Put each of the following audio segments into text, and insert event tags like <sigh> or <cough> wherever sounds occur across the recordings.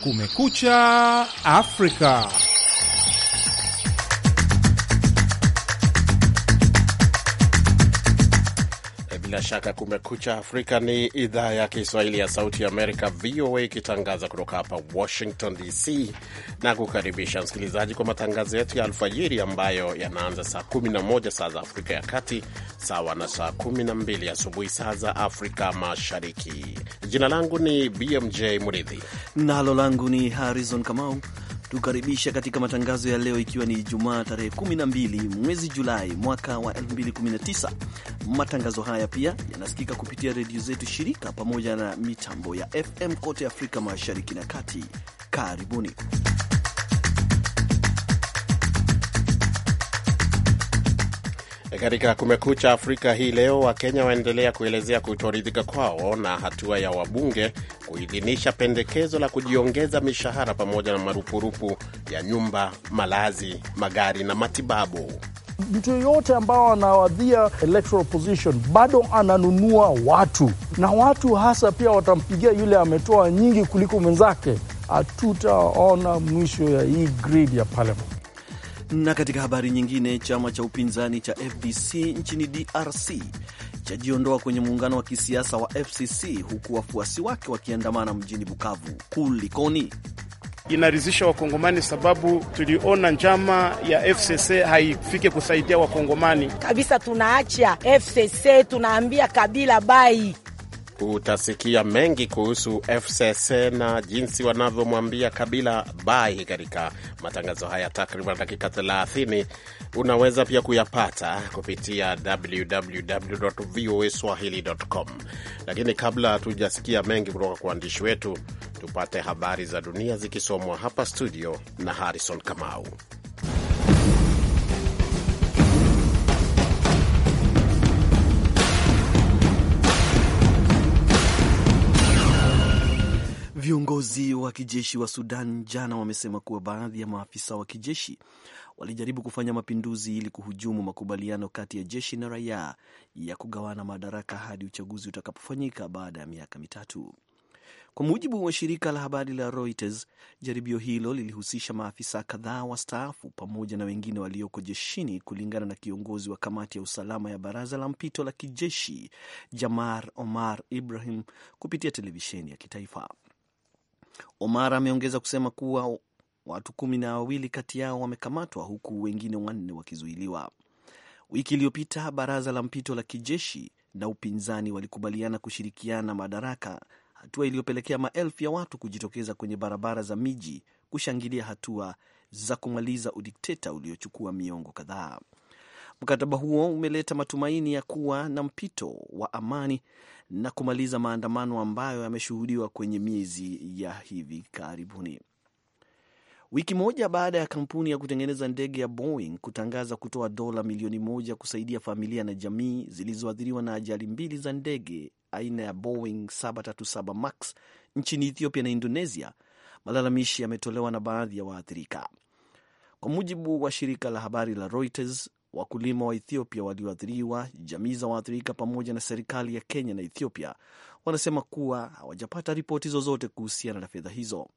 Kumekucha Afrika. Bila shaka Kumekucha Afrika ni idhaa ya Kiswahili ya Sauti ya Amerika, VOA, ikitangaza kutoka hapa Washington DC na kukaribisha msikilizaji kwa matangazo yetu ya alfajiri ambayo yanaanza saa 11 saa za Afrika ya Kati, sawa na saa 12 asubuhi saa za Afrika Mashariki. Jina langu ni BMJ Muridhi nalo langu ni Harrison Kamau tukaribisha katika matangazo ya leo, ikiwa ni Ijumaa tarehe 12 mwezi Julai mwaka wa 2019. Matangazo haya pia yanasikika kupitia redio zetu shirika pamoja na mitambo ya FM kote Afrika Mashariki na Kati. Karibuni. Katika Kumekucha Afrika hii leo, Wakenya waendelea kuelezea kutoridhika kwao na hatua ya wabunge kuidhinisha pendekezo la kujiongeza mishahara pamoja na marupurupu ya nyumba, malazi, magari na matibabu. Mtu yoyote ambao anawadhia electoral position bado ananunua watu na watu, hasa pia watampigia yule ametoa nyingi kuliko mwenzake. Hatutaona mwisho ya hii grid ya parliament. Na katika habari nyingine, chama cha upinzani cha FDC nchini DRC chajiondoa kwenye muungano wa kisiasa wa FCC huku wafuasi wake wakiandamana mjini Bukavu. Kulikoni? Inaridhisha Wakongomani sababu tuliona njama ya FCC haifike kusaidia Wakongomani kabisa. Tunaacha FCC, tunaambia Kabila bai Utasikia mengi kuhusu FCC na jinsi wanavyomwambia Kabila bai katika matangazo haya takriban dakika 30. Unaweza pia kuyapata kupitia www voa swahili.com. Lakini kabla hatujasikia mengi kutoka kwa waandishi wetu, tupate habari za dunia zikisomwa hapa studio na Harrison Kamau. Viongozi wa kijeshi wa Sudan jana wamesema kuwa baadhi ya maafisa wa kijeshi walijaribu kufanya mapinduzi ili kuhujumu makubaliano kati ya jeshi na raia ya kugawana madaraka hadi uchaguzi utakapofanyika baada ya miaka mitatu. Kwa mujibu wa shirika la habari la Reuters, jaribio hilo lilihusisha maafisa kadhaa wastaafu pamoja na wengine walioko jeshini, kulingana na kiongozi wa kamati ya usalama ya baraza la mpito la kijeshi Jamar Omar Ibrahim kupitia televisheni ya kitaifa. Omar ameongeza kusema kuwa watu kumi na wawili kati yao wamekamatwa huku wengine wanne wakizuiliwa. Wiki iliyopita baraza la mpito la kijeshi na upinzani walikubaliana kushirikiana madaraka, hatua iliyopelekea maelfu ya watu kujitokeza kwenye barabara za miji kushangilia hatua za kumaliza udikteta uliochukua miongo kadhaa. Mkataba huo umeleta matumaini ya kuwa na mpito wa amani na kumaliza maandamano ambayo yameshuhudiwa kwenye miezi ya hivi karibuni. Wiki moja baada ya kampuni ya kutengeneza ndege ya Boeing kutangaza kutoa dola milioni moja kusaidia familia na jamii zilizoathiriwa na ajali mbili za ndege aina ya Boeing 737 Max nchini Ethiopia na Indonesia, malalamishi yametolewa na baadhi ya waathirika. Kwa mujibu wa shirika la habari la Reuters, wakulima wa Ethiopia walioathiriwa, jamii za waathirika, pamoja na serikali ya Kenya na Ethiopia wanasema kuwa hawajapata ripoti zozote kuhusiana na fedha hizo.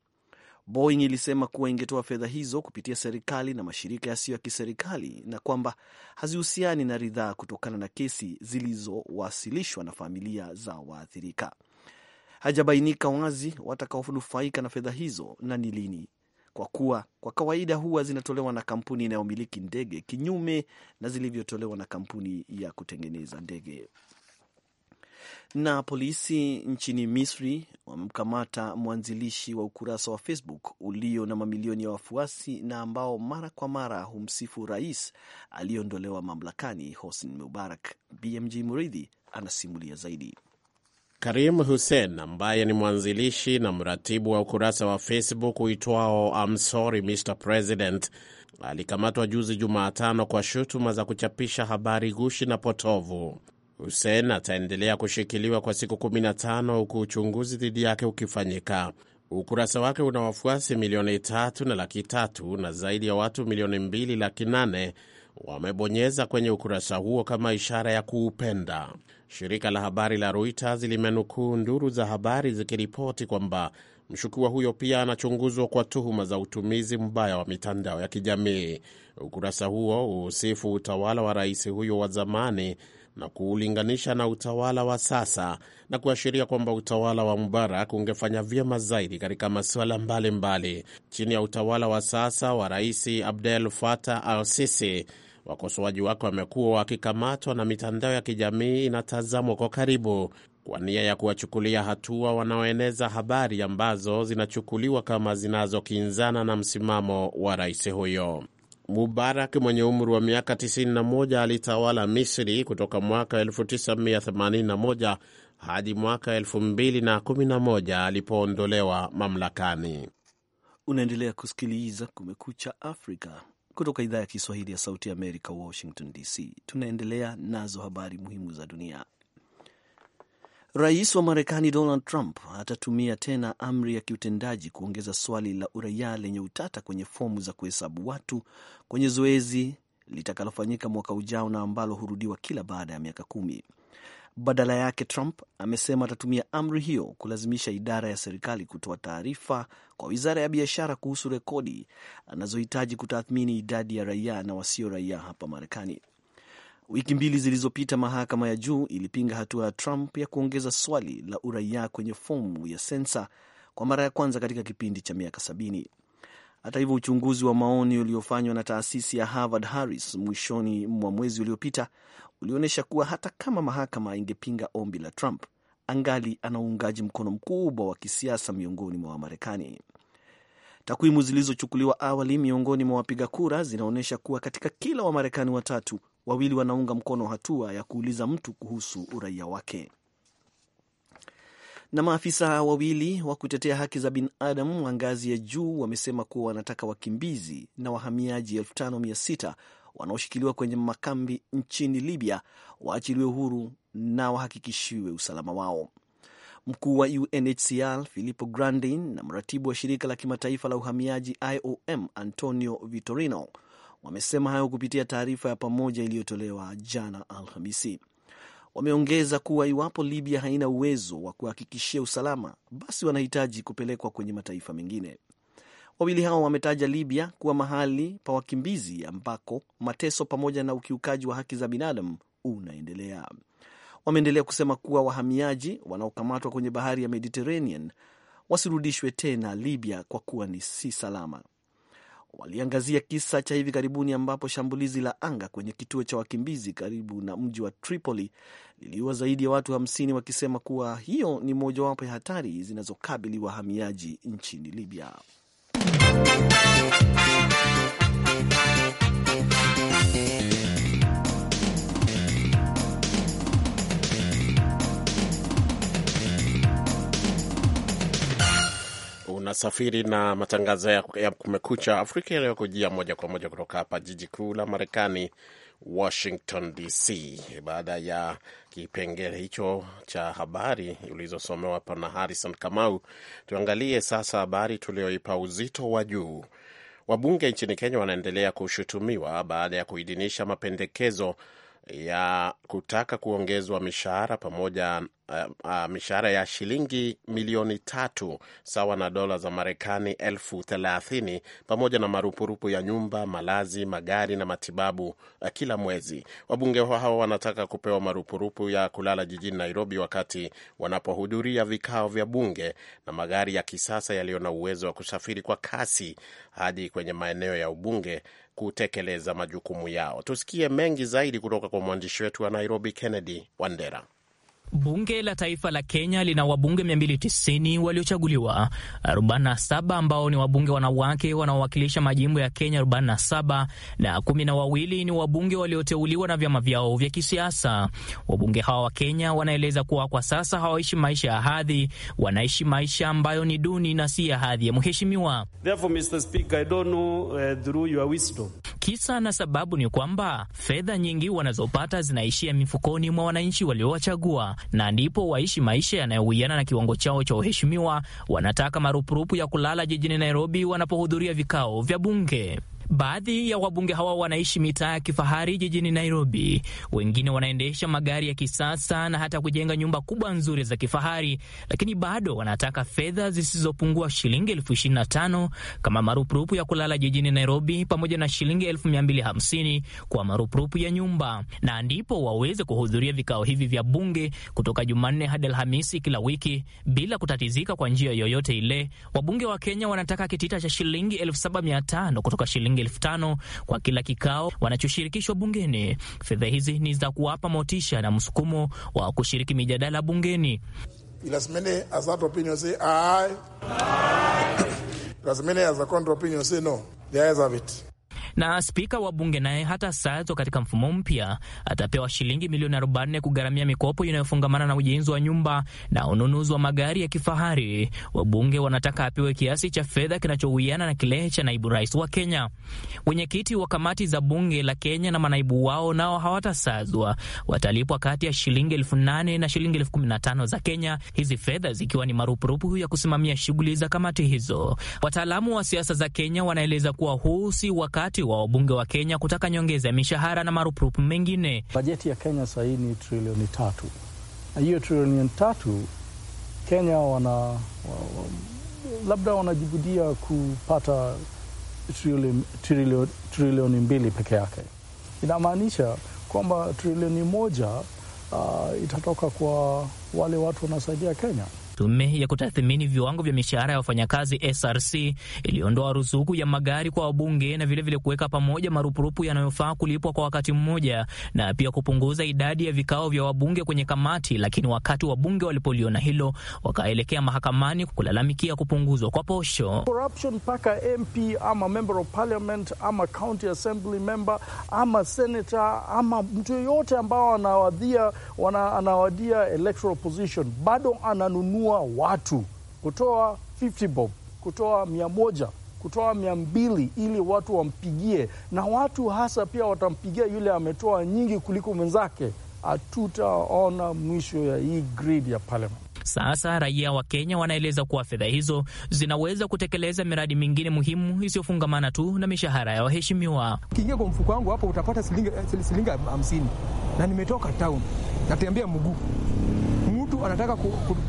Boeing ilisema kuwa ingetoa fedha hizo kupitia serikali na mashirika yasiyo ya kiserikali na kwamba hazihusiani na ridhaa kutokana na kesi zilizowasilishwa na familia za waathirika. Hajabainika wazi watakaonufaika na fedha hizo na ni lini kwa kuwa kwa kawaida huwa zinatolewa na kampuni inayomiliki ndege kinyume na zilivyotolewa na kampuni ya kutengeneza ndege. Na polisi nchini Misri wamemkamata mwanzilishi wa ukurasa wa Facebook ulio na mamilioni ya wafuasi na ambao mara kwa mara humsifu rais aliyeondolewa mamlakani Hosni Mubarak. BMG Muridhi anasimulia zaidi. Karim Hussein ambaye ni mwanzilishi na mratibu wa ukurasa wa Facebook uitwao I'm sorry Mr President alikamatwa juzi Jumatano kwa shutuma za kuchapisha habari gushi na potovu. Hussein ataendelea kushikiliwa kwa siku 15 huku uchunguzi dhidi yake ukifanyika. Ukurasa wake una wafuasi milioni tatu na laki tatu na zaidi ya watu milioni mbili laki nane wamebonyeza kwenye ukurasa huo kama ishara ya kuupenda. Shirika la habari la Reuters limenukuu nduru za habari zikiripoti kwamba mshukiwa huyo pia anachunguzwa kwa tuhuma za utumizi mbaya wa mitandao ya kijamii. Ukurasa huo huhusifu utawala wa rais huyo wa zamani na kuulinganisha na utawala wa sasa na kuashiria kwamba utawala wa Mubarak ungefanya vyema zaidi katika masuala mbalimbali. Chini ya utawala wa sasa wa Rais Abdel Fattah al-Sisi, Wakosoaji wake wamekuwa wakikamatwa na mitandao ya kijamii inatazamwa kwa karibu kwa nia ya kuwachukulia hatua wanaoeneza habari ambazo zinachukuliwa kama zinazokinzana na msimamo wa rais huyo. Mubarak mwenye umri wa miaka 91 alitawala Misri kutoka mwaka 1981 hadi mwaka 2011 alipoondolewa mamlakani. Unaendelea kusikiliza Kumekucha Afrika kutoka idhaa ya Kiswahili ya Sauti Amerika, Washington DC. Tunaendelea nazo habari muhimu za dunia. Rais wa Marekani Donald Trump atatumia tena amri ya kiutendaji kuongeza swali la uraia lenye utata kwenye fomu za kuhesabu watu kwenye zoezi litakalofanyika mwaka ujao na ambalo hurudiwa kila baada ya miaka kumi. Badala yake, Trump amesema atatumia amri hiyo kulazimisha idara ya serikali kutoa taarifa kwa wizara ya biashara kuhusu rekodi anazohitaji kutathmini idadi ya raia na wasio raia hapa Marekani. Wiki mbili zilizopita, mahakama ya juu ilipinga hatua ya Trump ya kuongeza swali la uraia kwenye fomu ya sensa kwa mara ya kwanza katika kipindi cha miaka sabini. Hata hivyo, uchunguzi wa maoni uliofanywa na taasisi ya Harvard Harris mwishoni mwa mwezi uliopita ulionyesha kuwa hata kama mahakama ingepinga ombi la Trump, angali ana uungaji mkono mkubwa wa kisiasa miongoni mwa Wamarekani. Takwimu zilizochukuliwa awali miongoni mwa wapiga kura zinaonyesha kuwa katika kila Wamarekani watatu, wawili wanaunga mkono hatua ya kuuliza mtu kuhusu uraia wake. Na maafisa wawili wa kutetea haki za binadamu wa ngazi ya juu wamesema kuwa wanataka wakimbizi na wahamiaji 5600 wanaoshikiliwa kwenye makambi nchini Libya waachiliwe huru na wahakikishiwe usalama wao. Mkuu wa UNHCR Filippo grandi na mratibu wa shirika la kimataifa la uhamiaji IOM Antonio Vitorino wamesema hayo kupitia taarifa ya pamoja iliyotolewa jana Alhamisi. Wameongeza kuwa iwapo Libya haina uwezo wa kuhakikishia usalama, basi wanahitaji kupelekwa kwenye mataifa mengine. Wawili hao wametaja Libya kuwa mahali pa wakimbizi ambako mateso pamoja na ukiukaji wa haki za binadamu unaendelea. Wameendelea kusema kuwa wahamiaji wanaokamatwa kwenye bahari ya Mediterranean wasirudishwe tena Libya kwa kuwa ni si salama waliangazia kisa cha hivi karibuni ambapo shambulizi la anga kwenye kituo cha wakimbizi karibu na mji wa Tripoli liliua zaidi ya watu hamsini, wakisema kuwa hiyo ni mojawapo ya hatari zinazokabili wahamiaji nchini Libya. Unasafiri na matangazo ya Kumekucha Afrika yanayokujia moja kwa moja kutoka hapa jiji kuu la Marekani, Washington DC. Baada ya kipengele hicho cha habari ulizosomewa hapa na Harrison Kamau, tuangalie sasa habari tulioipa uzito wa juu. Wabunge nchini Kenya wanaendelea kushutumiwa baada ya kuidhinisha mapendekezo ya kutaka kuongezwa mishahara pamoja uh, uh, mishahara ya shilingi milioni tatu sawa na dola za Marekani elfu thelathini pamoja na marupurupu ya nyumba, malazi, magari na matibabu uh, kila mwezi. Wabunge hao wanataka kupewa marupurupu ya kulala jijini Nairobi wakati wanapohudhuria vikao vya bunge na magari ya kisasa yaliyo na uwezo wa kusafiri kwa kasi hadi kwenye maeneo ya ubunge kutekeleza majukumu yao. Tusikie mengi zaidi kutoka kwa mwandishi wetu wa Nairobi, Kennedy Wandera. Bunge la Taifa la Kenya lina wabunge 290 waliochaguliwa, 47 ambao ni wabunge wanawake wanaowakilisha majimbo ya Kenya 47 na kumi na wawili ni wabunge walioteuliwa na vyama vyao vya kisiasa. Wabunge hawa wa Kenya wanaeleza kuwa kwa sasa hawaishi maisha ya hadhi, wanaishi maisha ambayo ni duni na si ya hadhi ya mheshimiwa. Uh, kisa na sababu ni kwamba fedha nyingi wanazopata zinaishia mifukoni mwa wananchi waliowachagua na ndipo waishi maisha yanayowiana na kiwango chao cha uheshimiwa. Wanataka marupurupu ya kulala jijini Nairobi wanapohudhuria vikao vya bunge. Baadhi ya wabunge hawa wanaishi mitaa ya kifahari jijini Nairobi, wengine wanaendesha magari ya kisasa na hata kujenga nyumba kubwa nzuri za kifahari, lakini bado wanataka fedha zisizopungua shilingi elfu ishirini na tano kama marupurupu ya kulala jijini Nairobi, pamoja na shilingi elfu mia mbili hamsini kwa marupurupu ya nyumba, na ndipo waweze kuhudhuria vikao hivi vya bunge kutoka Jumanne hadi Alhamisi kila wiki bila kutatizika kwa njia yoyote ile. Wabunge wa Kenya wanataka kitita cha shilingi elfu saba mia tano kutoka shilingi shilingi elfu tano kwa kila kikao wanachoshirikishwa bungeni. Fedha hizi ni za kuwapa motisha na msukumo wa kushiriki mijadala bungeni. <coughs> Na spika wa bunge naye hata sazo katika mfumo mpya atapewa shilingi milioni 40 kugharamia mikopo inayofungamana na ujenzi wa nyumba na ununuzi wa magari ya kifahari. Wabunge wanataka apewe kiasi cha fedha kinachowiana na kile cha naibu rais wa Kenya. Wenyekiti wa kamati za bunge la Kenya na manaibu wao nao hawatasazwa, watalipwa kati ya shilingi elfu nane na shilingi elfu kumi na tano za Kenya, hizi fedha zikiwa ni marupurupu ya kusimamia shughuli za kamati hizo. Wataalamu wa siasa za Kenya wanaeleza kuwa huu si wakati wakati wa wabunge wa Kenya kutaka nyongeza ya mishahara na marupurupu mengine. Bajeti ya Kenya sahii ni trilioni tatu, na hiyo trilioni tatu Kenya wana wa, wa, labda wanajibudia kupata trilioni mbili peke yake. Inamaanisha kwamba trilioni moja uh, itatoka kwa wale watu wanaosaidia Kenya. Tume ya kutathmini viwango vya mishahara ya wafanyakazi SRC iliondoa ruzuku ya magari kwa wabunge na vilevile kuweka pamoja marupurupu yanayofaa kulipwa kwa wakati mmoja na pia kupunguza idadi ya vikao vya wabunge kwenye kamati. Lakini wakati wabunge walipoliona hilo, wakaelekea mahakamani kulalamikia kupunguzwa kwa posho. Corruption MP ama member of parliament ama county assembly member ama senator ama mtu yoyote ambao wana, anawadia electoral position bado ananunua kuinua watu, kutoa 50 bob, kutoa mia moja, kutoa mia mbili ili watu wampigie, na watu hasa pia watampigia yule ametoa nyingi kuliko mwenzake. Hatutaona mwisho ya hii grid ya parliament. Sasa raia wa Kenya wanaeleza kuwa fedha hizo zinaweza kutekeleza miradi mingine muhimu isiyofungamana tu na mishahara ya waheshimiwa. Ukiingia kwa mfuko wangu hapo utapata silinga hamsini na nimetoka town natembea mguu anataka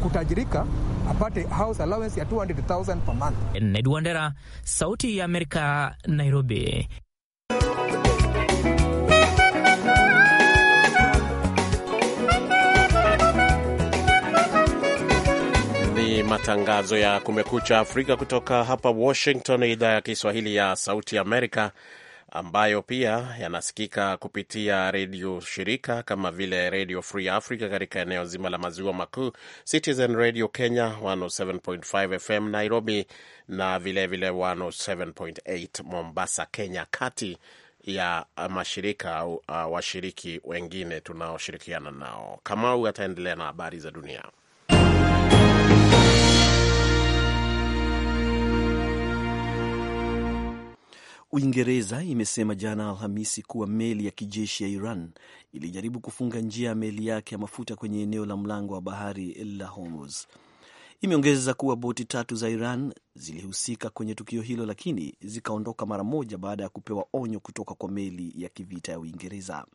kutajirika apate house allowance ya 200,000 per month. Ned Wandera, Sauti ya Amerika, Nairobi. matangazo ya Kumekucha Afrika kutoka hapa Washington, idhaa ya Kiswahili ya Sauti Amerika ambayo pia yanasikika kupitia redio shirika kama vile redio Free Africa katika eneo zima la maziwa makuu, Citizen Radio Kenya 107.5 FM Nairobi, na vilevile 107.8 Mombasa, Kenya, kati ya mashirika au uh, washiriki wengine tunaoshirikiana nao. Kamau ataendelea na habari za dunia. Uingereza imesema jana Alhamisi kuwa meli ya kijeshi ya Iran ilijaribu kufunga njia ya meli yake ya mafuta kwenye eneo la mlango wa bahari la Hormuz. Imeongeza kuwa boti tatu za Iran zilihusika kwenye tukio hilo, lakini zikaondoka mara moja baada ya kupewa onyo kutoka kwa meli ya kivita ya Uingereza.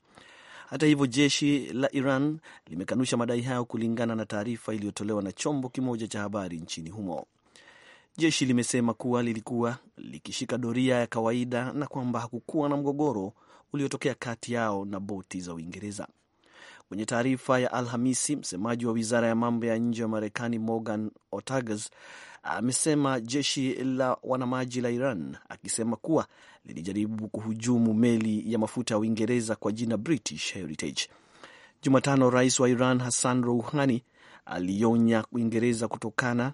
Hata hivyo, jeshi la Iran limekanusha madai hayo, kulingana na taarifa iliyotolewa na chombo kimoja cha habari nchini humo. Jeshi limesema kuwa lilikuwa likishika doria ya kawaida na kwamba hakukuwa na mgogoro uliotokea kati yao na boti za Uingereza. Kwenye taarifa ya Alhamisi, msemaji wa wizara ya mambo ya nje wa Marekani Morgan Otagas amesema jeshi la wanamaji la Iran, akisema kuwa lilijaribu kuhujumu meli ya mafuta ya Uingereza kwa jina British Heritage. Jumatano, rais wa Iran Hassan Rouhani alionya Uingereza kutokana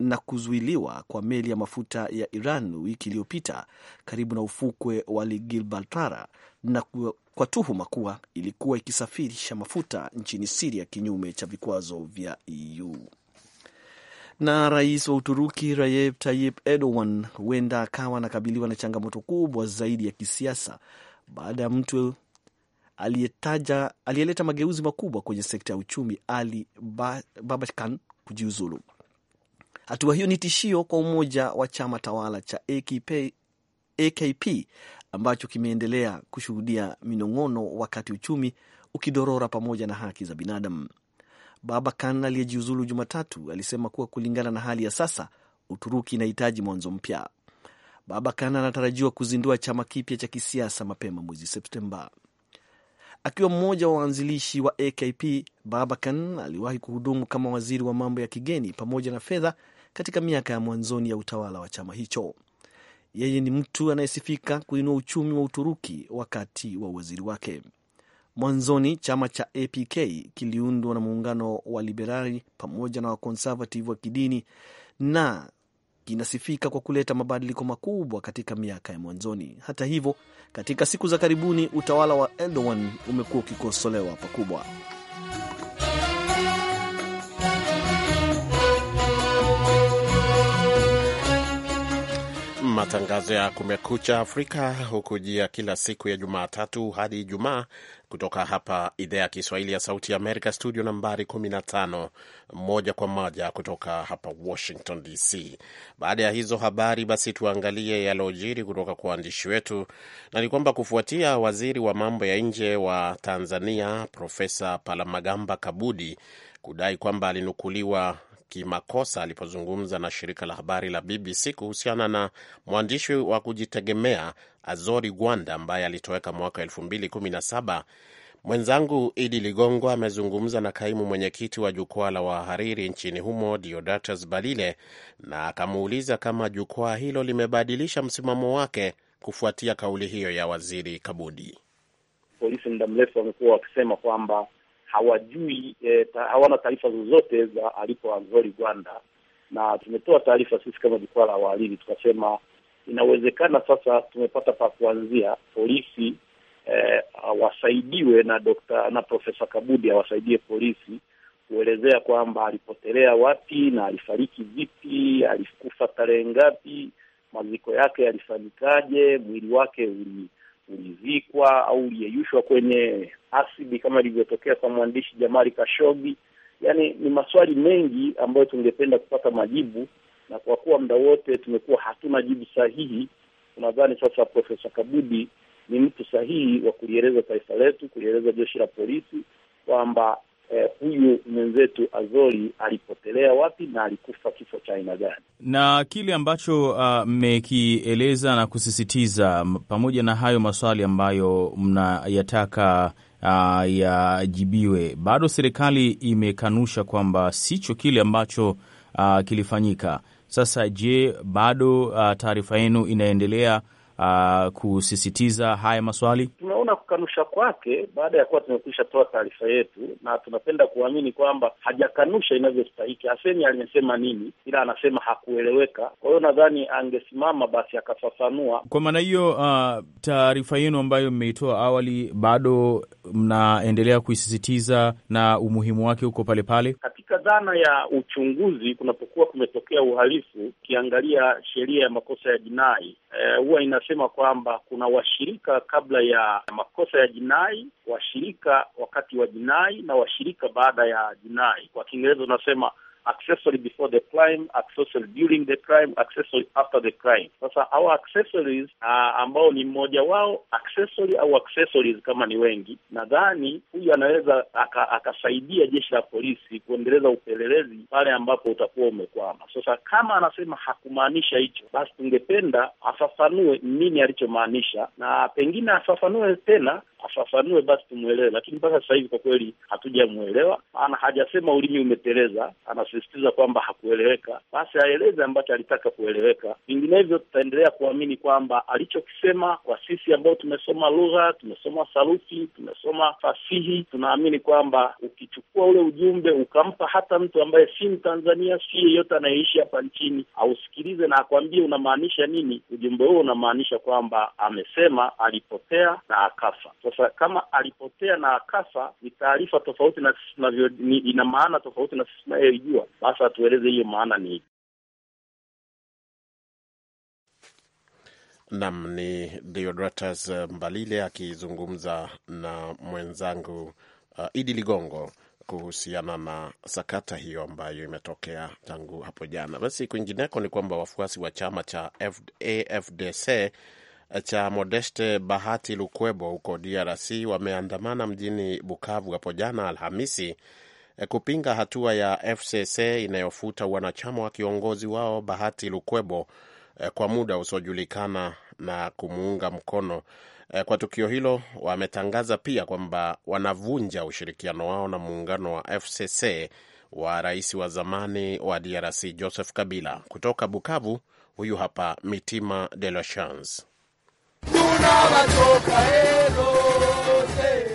na kuzuiliwa kwa meli ya mafuta ya Iran wiki iliyopita karibu na ufukwe wa Gibraltar na kwa tuhuma kuwa ilikuwa ikisafirisha mafuta nchini Siria kinyume cha vikwazo vya EU. Na rais wa Uturuki Recep Tayyip Erdogan huenda akawa anakabiliwa na changamoto kubwa zaidi ya kisiasa baada ya mtu aliyeleta mageuzi makubwa kwenye sekta ya uchumi Ali Babakan kujiuzulu. Hatua hiyo ni tishio kwa umoja wa chama tawala cha AKP, AKP ambacho kimeendelea kushuhudia minong'ono wakati uchumi ukidorora pamoja na haki za binadamu. Babakan aliyejiuzulu Jumatatu alisema kuwa kulingana na hali ya sasa, Uturuki inahitaji mwanzo mpya. Babakan anatarajiwa kuzindua chama kipya cha kisiasa mapema mwezi Septemba. Akiwa mmoja wa waanzilishi wa AKP, Babakan aliwahi kuhudumu kama waziri wa mambo ya kigeni pamoja na fedha katika miaka ya mwanzoni ya utawala wa chama hicho. Yeye ni mtu anayesifika kuinua uchumi wa Uturuki wakati wa uwaziri wake. Mwanzoni chama cha APK kiliundwa na muungano wa liberali pamoja na wakonservative wa kidini na kinasifika kwa kuleta mabadiliko makubwa katika miaka ya mwanzoni. Hata hivyo, katika siku za karibuni utawala wa Erdogan umekuwa ukikosolewa pakubwa. Matangazo ya Kumekucha Afrika hukujia kila siku ya Jumatatu hadi Ijumaa kutoka hapa idhaa ya Kiswahili ya Sauti Amerika, studio nambari 15, moja kwa moja kutoka hapa Washington DC. Baada ya hizo habari, basi tuangalie yalojiri kutoka kwa waandishi wetu, na ni kwamba kufuatia waziri wa mambo ya nje wa Tanzania Profesa Palamagamba Kabudi kudai kwamba alinukuliwa kimakosa alipozungumza na shirika la habari la BBC kuhusiana na mwandishi wa kujitegemea Azori Gwanda ambaye alitoweka mwaka 2017. Mwenzangu Idi Ligongo amezungumza na kaimu mwenyekiti wa jukwaa la wahariri nchini humo diodatus Balile na akamuuliza kama jukwaa hilo limebadilisha msimamo wake kufuatia kauli hiyo ya waziri Kabudi. Polisi muda mrefu wamekuwa wakisema kwamba hawajui e, ta, hawana taarifa zozote za alipo Anzori Gwanda, na tumetoa taarifa sisi kama jukwaa la wahariri tukasema inawezekana sasa tumepata pa kuanzia polisi e, awasaidiwe na dokta, na Profesa Kabudi awasaidie polisi kuelezea kwamba alipotelea wapi na alifariki vipi, alikufa tarehe ngapi, maziko yake yalifanyikaje, mwili wake uli ulizikwa au uliyeyushwa kwenye asidi kama ilivyotokea kwa mwandishi Jamali Kashogi. yani ni maswali mengi ambayo tungependa kupata majibu, na kwa kuwa muda wote tumekuwa hatuna jibu sahihi, tunadhani sasa Profesa Kabudi ni mtu sahihi wa kulieleza taifa letu, kulieleza jeshi la polisi kwamba Eh, huyu eh, mwenzetu Azori alipotelea wapi na alikufa kifo cha aina gani, na kile ambacho uh, mmekieleza uh, na kusisitiza pamoja na hayo maswali ambayo mnayataka uh, yajibiwe, bado serikali imekanusha kwamba sicho kile ambacho uh, kilifanyika. Sasa je, bado uh, taarifa yenu inaendelea uh, kusisitiza haya maswali? tunaona kukanusha kwake baada ya kuwa tumekwisha toa taarifa yetu, na tunapenda kuamini kwamba hajakanusha inavyostahiki. aseni alimesema nini, ila anasema hakueleweka. Kwa hiyo nadhani angesimama basi akafafanua. Kwa maana hiyo, uh, taarifa yenu ambayo mmeitoa awali bado mnaendelea kuisisitiza na umuhimu wake huko pale pale katika dhana ya uchunguzi. Kunapokuwa kumetokea uhalifu, ukiangalia sheria ya makosa ya jinai eh, huwa e, inasema kwamba kuna washirika kabla ya makosa ya jinai, washirika wakati wa jinai na washirika baada ya jinai. Kwa Kiingereza tunasema accessory before the crime, accessory during the crime, accessory after the crime. Sasa hao accessories uh, ambao ni mmoja wao accessory au accessories kama ni wengi, nadhani huyu anaweza akasaidia aka jeshi la polisi kuendeleza upelelezi pale ambapo utakuwa umekwama. Sasa kama anasema hakumaanisha hicho, basi tungependa afafanue nini alichomaanisha, na pengine afafanue tena afafanue basi tumwelewe, lakini mpaka sasa hivi kwa kweli hatujamwelewa. Maana hajasema ulimi umeteleza, anasisitiza kwamba hakueleweka. Basi aeleze ambacho alitaka kueleweka, vinginevyo tutaendelea kuamini kwamba alichokisema, kwa sisi ambao tumesoma lugha, tumesoma sarufi, tumesoma fasihi, tunaamini kwamba ukichukua ule ujumbe ukampa hata mtu ambaye si Mtanzania, si yeyote anayeishi hapa nchini, ausikilize na akwambie unamaanisha nini, ujumbe huo unamaanisha kwamba amesema alipotea na akafa. Sasa kama alipotea na akafa, ni taarifa tofauti na sisi tunavyo, ina maana tofauti na sisi tunayoijua. Basi atueleze hiyo maana ni Nam ni Deodratus Mbalile akizungumza na mwenzangu uh, Idi Ligongo kuhusiana na sakata hiyo ambayo imetokea tangu hapo jana. Basi kwingineko ni kwamba wafuasi wa chama cha AFDC cha Modeste Bahati Lukwebo huko DRC wameandamana mjini Bukavu hapo jana Alhamisi eh, kupinga hatua ya FCC inayofuta wanachama wa kiongozi wao Bahati Lukwebo eh, kwa muda usiojulikana na kumuunga mkono eh, kwa tukio hilo. Wametangaza pia kwamba wanavunja ushirikiano wao na muungano wa FCC wa rais wa zamani wa DRC Joseph Kabila. Kutoka Bukavu, huyu hapa Mitima de la Chance.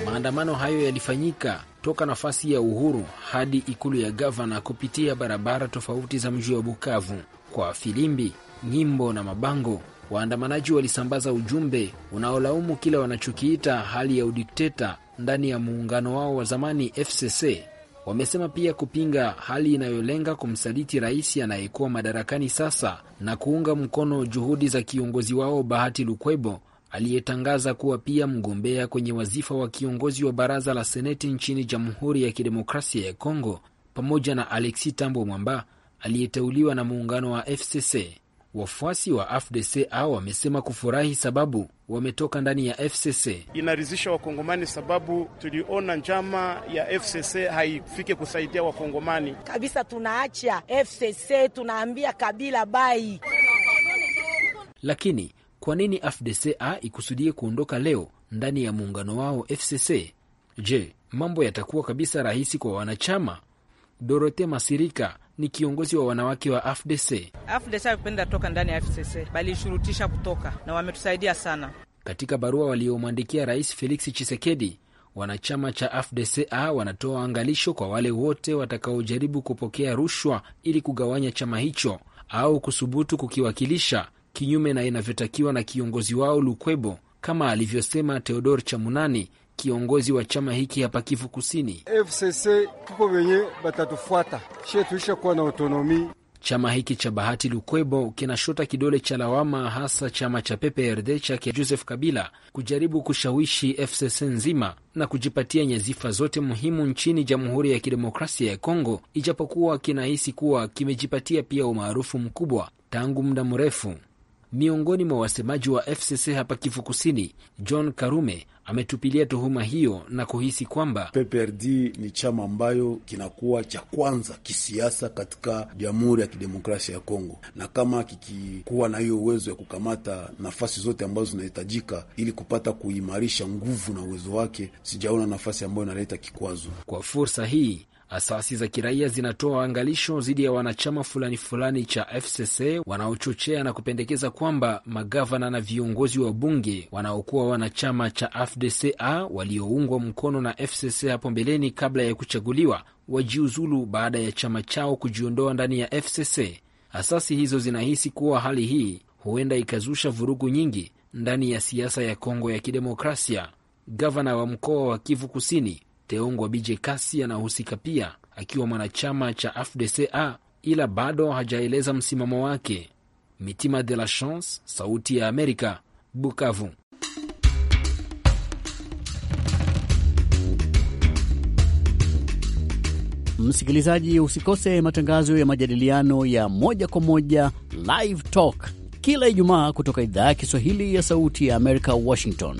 Maandamano hayo yalifanyika toka nafasi ya Uhuru hadi ikulu ya gavana kupitia barabara tofauti za mji wa Bukavu. Kwa filimbi, nyimbo na mabango, waandamanaji walisambaza ujumbe unaolaumu kile wanachokiita hali ya udikteta ndani ya muungano wao wa zamani FCC Wamesema pia kupinga hali inayolenga kumsaliti rais anayekuwa madarakani sasa na kuunga mkono juhudi za kiongozi wao Bahati Lukwebo aliyetangaza kuwa pia mgombea kwenye wazifa wa kiongozi wa baraza la seneti nchini Jamhuri ya Kidemokrasia ya Kongo, pamoja na Alexis Tambo Mwamba aliyeteuliwa na muungano wa FCC. Wafuasi wa au wamesema kufurahi sababu wametoka ndani ya FCC. Inaridhisha Wakongomani sababu tuliona njama ya FCC haifike kusaidia Wakongomani kabisa. Tunaacha FCC, tunaambia kabila bai. Lakini kwa nini a ikusudie kuondoka leo ndani ya muungano wao FCC? Je, mambo yatakuwa kabisa rahisi kwa wanachama? Dorothe Masirika ni kiongozi wa wanawake wa AFDC. AFDC hakupenda toka ndani ya FCC, bali kutoka na wametusaidia sana. Katika barua waliomwandikia Rais Felix Chisekedi, wanachama cha a wanatoa angalisho kwa wale wote watakaojaribu kupokea rushwa ili kugawanya chama hicho au kusubutu kukiwakilisha kinyume na inavyotakiwa na kiongozi wao Lukwebo, kama alivyosema Theodor Chamunani, kiongozi wa chama hiki hapa Kivu Kusini. FCC tuko wenye batatufuata tuisha kuwa na autonomi. Chama hiki cha Bahati Lukwebo kinashota kidole cha lawama hasa chama cha PPRD chake Joseph Kabila kujaribu kushawishi FCC nzima na kujipatia nyazifa zote muhimu nchini Jamhuri ya Kidemokrasia ya Kongo, ijapokuwa kinahisi kuwa kimejipatia pia umaarufu mkubwa tangu muda mrefu. Miongoni mwa wasemaji wa FCC hapa Kivu Kusini, John Karume ametupilia tuhuma hiyo na kuhisi kwamba PPRD ni chama ambayo kinakuwa cha kwanza kisiasa katika Jamhuri ya Kidemokrasia ya Kongo, na kama kikikuwa na hiyo uwezo ya kukamata nafasi zote ambazo zinahitajika ili kupata kuimarisha nguvu na uwezo wake, sijaona nafasi ambayo inaleta kikwazo kwa fursa hii. Asasi za kiraia zinatoa angalisho dhidi ya wanachama fulani fulani cha FCC wanaochochea na kupendekeza kwamba magavana na viongozi wa bunge wanaokuwa wanachama cha AFDCA walioungwa mkono na FCC hapo mbeleni kabla ya kuchaguliwa wajiuzulu baada ya chama chao kujiondoa ndani ya FCC. Asasi hizo zinahisi kuwa hali hii huenda ikazusha vurugu nyingi ndani ya siasa ya Kongo ya Kidemokrasia. Gavana wa mkoa wa Kivu Kusini Teongwa Bije Kasi anahusika pia akiwa mwanachama cha AFDCA ila bado hajaeleza msimamo wake. Mitima de la Chance, Sauti ya Amerika, Bukavu. Msikilizaji, usikose matangazo ya majadiliano ya moja kwa moja Live Talk kila Ijumaa kutoka idhaa ya Kiswahili ya Sauti ya Amerika, Washington.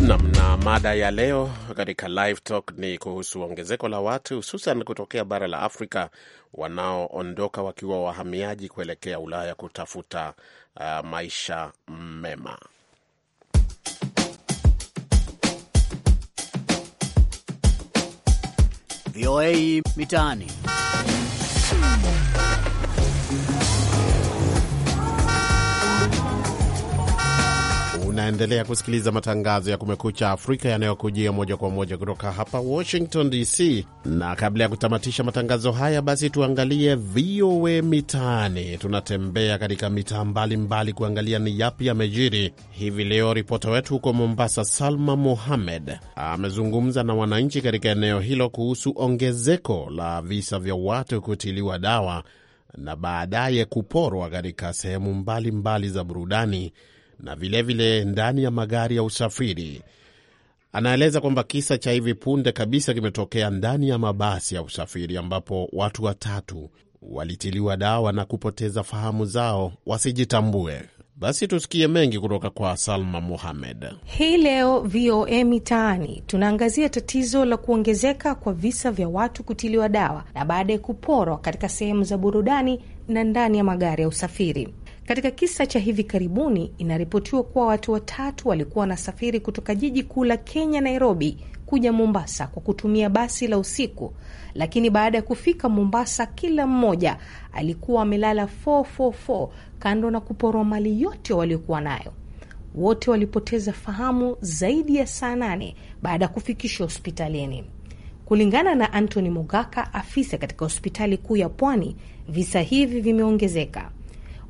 Nam na mada ya leo katika Live Talk ni kuhusu ongezeko la watu hususan kutokea bara la Afrika wanaoondoka wakiwa wahamiaji kuelekea Ulaya kutafuta uh, maisha mema. VOA Mitaani. Unaendelea kusikiliza matangazo ya Kumekucha Afrika yanayokujia moja kwa moja kutoka hapa Washington DC, na kabla ya kutamatisha matangazo haya, basi tuangalie VOA Mitaani. Tunatembea katika mitaa mbalimbali kuangalia ni yapi yamejiri hivi leo. Ripota wetu huko Mombasa, Salma Mohamed, amezungumza na wananchi katika eneo hilo kuhusu ongezeko la visa vya watu kutiliwa dawa na baadaye kuporwa katika sehemu mbalimbali za burudani na vilevile vile ndani ya magari ya usafiri. Anaeleza kwamba kisa cha hivi punde kabisa kimetokea ndani ya mabasi ya usafiri ambapo watu watatu walitiliwa dawa na kupoteza fahamu zao wasijitambue. Basi tusikie mengi kutoka kwa Salma Muhamed. Hii leo VOA Mitaani tunaangazia tatizo la kuongezeka kwa visa vya watu kutiliwa dawa na baadaye kuporwa katika sehemu za burudani na ndani ya magari ya usafiri. Katika kisa cha hivi karibuni, inaripotiwa kuwa watu watatu walikuwa wanasafiri kutoka jiji kuu la Kenya, Nairobi, kuja Mombasa kwa kutumia basi la usiku, lakini baada ya kufika Mombasa, kila mmoja alikuwa amelala 444 kando na kuporwa mali yote waliokuwa nayo. Wote walipoteza fahamu zaidi ya saa nane baada ya kufikishwa hospitalini. Kulingana na Anthony Mugaka, afisa katika hospitali kuu ya Pwani, visa hivi vimeongezeka.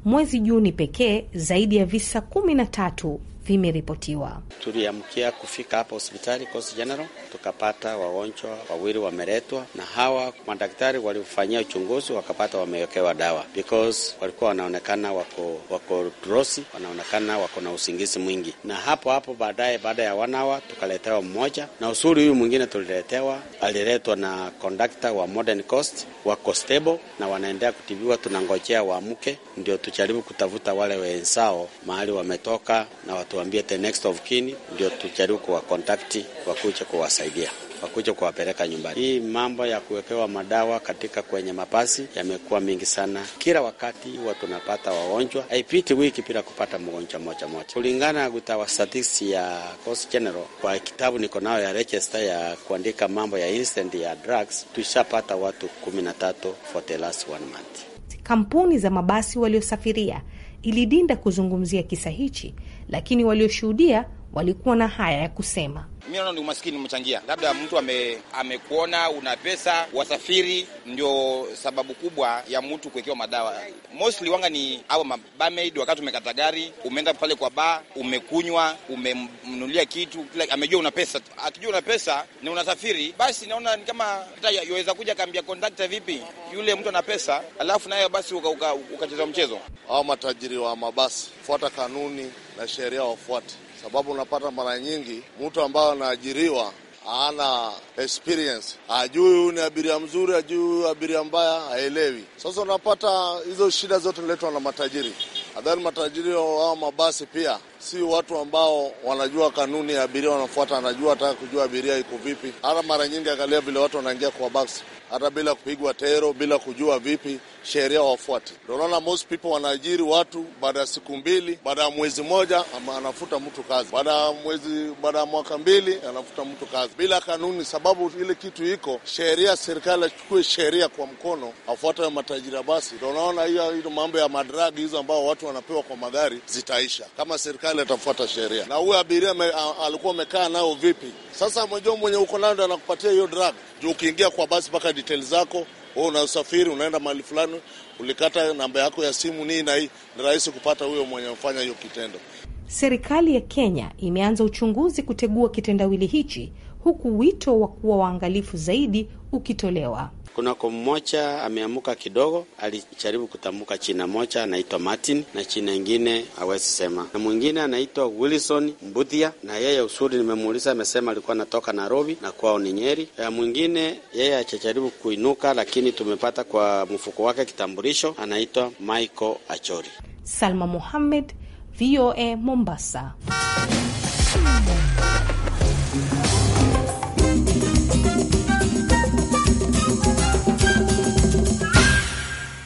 Mwezi Juni pekee zaidi ya visa kumi na tatu vimeripotiwa. Tuliamkia kufika hapa hospitali Coast General, tukapata wagonjwa wawili wameletwa, na hawa madaktari walifanyia uchunguzi, wakapata wamewekewa dawa because walikuwa wanaonekana wako wako drosi, wanaonekana wako na usingizi mwingi. Na hapo hapo baadaye, baada ya wanawa, tukaletewa mmoja, na usuri huyu mwingine tuliletewa, aliletwa na kondakta wa Modern Coast, wako stable na wanaendelea kutibiwa. Tunangojea waamke ndio tujaribu kutafuta wale wenzao mahali wametoka na watu tuambie the next of kin, ndio tujaribu kuwa kontakti wakuja kuwasaidia wakuja kuwapeleka nyumbani. Hii mambo ya kuwekewa madawa katika kwenye mabasi yamekuwa mingi sana. Kila wakati huwa tunapata wagonjwa, haipiti wiki bila kupata mgonjwa moja moja. Kulingana na kutawa statistics ya Coast General kwa kitabu niko nayo ya register ya kuandika mambo ya instant ya drugs, tushapata watu 13 for the last one month. Kampuni za mabasi waliosafiria ilidinda kuzungumzia kisa hichi lakini walioshuhudia walikuwa na haya ya kusema. Mi naona ni umaskini umechangia, labda mtu ame, amekuona una pesa. Wasafiri ndio sababu kubwa ya mtu kuwekewa madawa mostly. Wanga ni au mabamaid, wakati umekata gari umeenda pale kwa ba umekunywa, umemnulia kitu like, amejua una pesa. Akijua una pesa na unasafiri, basi naona ni kama yaweza kuja kaambia kondakta, vipi yule mtu ana pesa, alafu nayo basi ukacheza uka, uka mchezo. Au matajiri wa mabasi, fuata kanuni na sheria wafuate sababu unapata mara nyingi mtu ambaye anaajiriwa ana experience, ajui huyu ni abiria mzuri, ajui huyu abiria mbaya, haelewi. Sasa unapata hizo shida zote niletwa na matajiri. Nadhani matajiri wao mabasi pia si watu ambao wanajua kanuni ya abiria wanafuata, anajua ataka kujua abiria iko vipi. Hata mara nyingi angalia vile watu wanaingia kwa basi, hata bila kupigwa tero, bila kujua vipi sheria wafuate. Ndio unaona most people wanaajiri watu, baada ya siku mbili, baada ya mwezi moja anafuta mtu kazi, baada ya mwezi, baada ya mwaka mbili anafuta mtu kazi bila kanuni, sababu ile kitu iko sheria. Serikali achukue sheria kwa mkono, afuate matajiri. Basi ndio unaona hiyo mambo ya madragi hizo ambao watu wanapewa kwa magari zitaisha, kama serikali atafuata sheria. Na huyo abiria me, alikuwa amekaa nao vipi? Sasa mwenyewe mwenye uko nayo ndo anakupatia hiyo drag juu, ukiingia kwa basi mpaka details zako wewe unasafiri unaenda mahali fulani, ulikata namba yako ya simu nii na hii, ni rahisi kupata huyo mwenye mfanya hiyo kitendo. Serikali ya Kenya imeanza uchunguzi kutegua kitendawili hichi, huku wito wa kuwa waangalifu zaidi ukitolewa. Kunako mmoja ameamuka kidogo, alijaribu kutamuka china moja anaitwa Martin na china ingine awezi sema, na mwingine anaitwa Wilson Mbudhia na yeye usuri nimemuuliza, amesema alikuwa anatoka Nairobi na kwao ni Nyeri. Ya mwingine yeye achajaribu kuinuka, lakini tumepata kwa mfuko wake kitambulisho, anaitwa Michael Achori. Salma Mohamed, VOA Mombasa.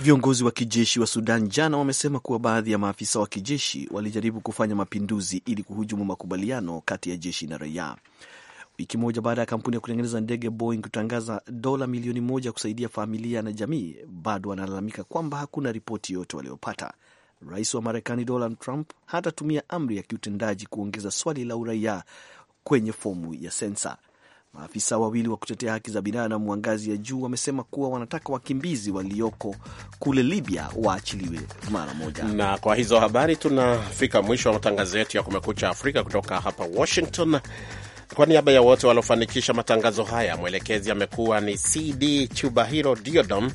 Viongozi wa kijeshi wa Sudan jana wamesema kuwa baadhi ya maafisa wa kijeshi walijaribu kufanya mapinduzi ili kuhujumu makubaliano kati ya jeshi na raia. Wiki moja baada ya kampuni ya kutengeneza ndege Boeing kutangaza dola milioni moja kusaidia familia na jamii, bado wanalalamika kwamba hakuna ripoti yoyote waliopata. Rais wa Marekani Donald Trump hatatumia amri ya kiutendaji kuongeza swali la uraia kwenye fomu ya sensa. Maafisa wawili wa kutetea haki za binadamu wa ngazi ya juu wamesema kuwa wanataka wakimbizi walioko kule Libya waachiliwe mara moja. Na kwa hizo habari tunafika mwisho wa matangazo yetu ya Kumekucha Afrika kutoka hapa Washington. Kwa niaba ya wote waliofanikisha matangazo haya, mwelekezi amekuwa ni CD Chubahiro Diodom.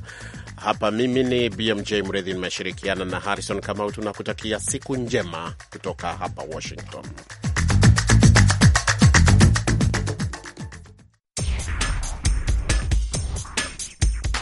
Hapa mimi ni BMJ Mredhi, nimeshirikiana na Harrison Kamau. Tunakutakia siku njema kutoka hapa Washington.